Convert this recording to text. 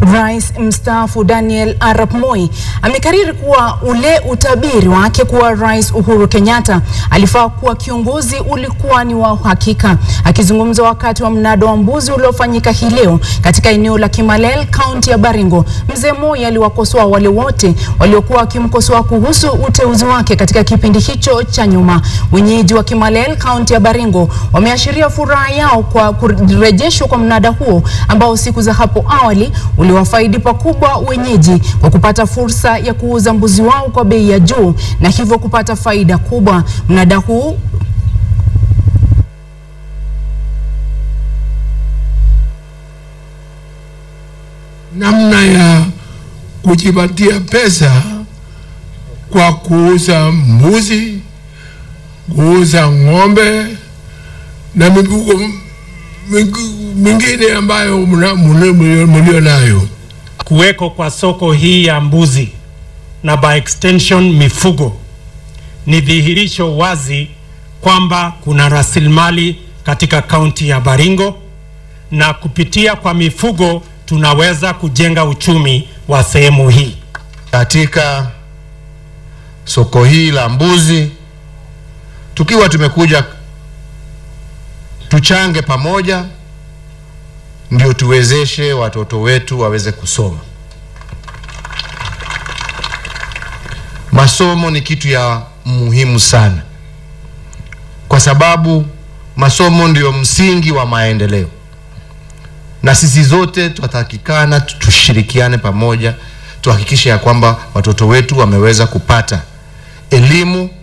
Rais mstaafu Daniel Arap Moi amekariri kuwa ule utabiri wake kuwa Rais Uhuru Kenyatta alifaa kuwa kiongozi ulikuwa ni wa uhakika. Akizungumza wakati wa mnada wa mbuzi uliofanyika hii leo katika eneo la Kimalel, kaunti ya Baringo, mzee Moi aliwakosoa wale wote waliokuwa wakimkosoa kuhusu uteuzi wake katika kipindi hicho cha nyuma. Wenyeji wa Kimalel, kaunti ya Baringo, wameashiria furaha yao kwa kurejeshwa kwa mnada huo ambao siku za hapo awali uli uliwafaidi pakubwa wenyeji kwa kupata fursa ya kuuza mbuzi wao kwa bei ya juu na hivyo kupata faida kubwa. Mnada huu namna ya kujipatia pesa kwa kuuza mbuzi, kuuza ng'ombe na mifugo mingine ambayo mlio nayo. Kuweko kwa soko hii ya mbuzi na by extension mifugo ni dhihirisho wazi kwamba kuna rasilimali katika kaunti ya Baringo na kupitia kwa mifugo tunaweza kujenga uchumi wa sehemu hii. Katika soko hii la mbuzi tukiwa tumekuja tuchange pamoja, ndio tuwezeshe watoto wetu waweze kusoma. Masomo ni kitu ya muhimu sana, kwa sababu masomo ndio msingi wa maendeleo, na sisi zote tunatakikana tushirikiane pamoja, tuhakikishe ya kwamba watoto wetu wameweza kupata elimu